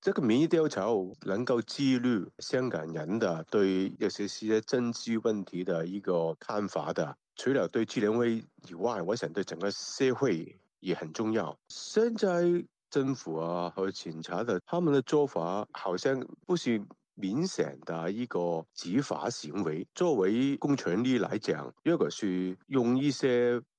這個民意調查能夠記錄香港人的對一些些政治問題的一個看法的，除了對建聯會以外，我想對整個社會也很重要。現在政府啊和警察的他們的做法，好像不是明顯的一個執法行為。作為公權力來講，如果是用一些。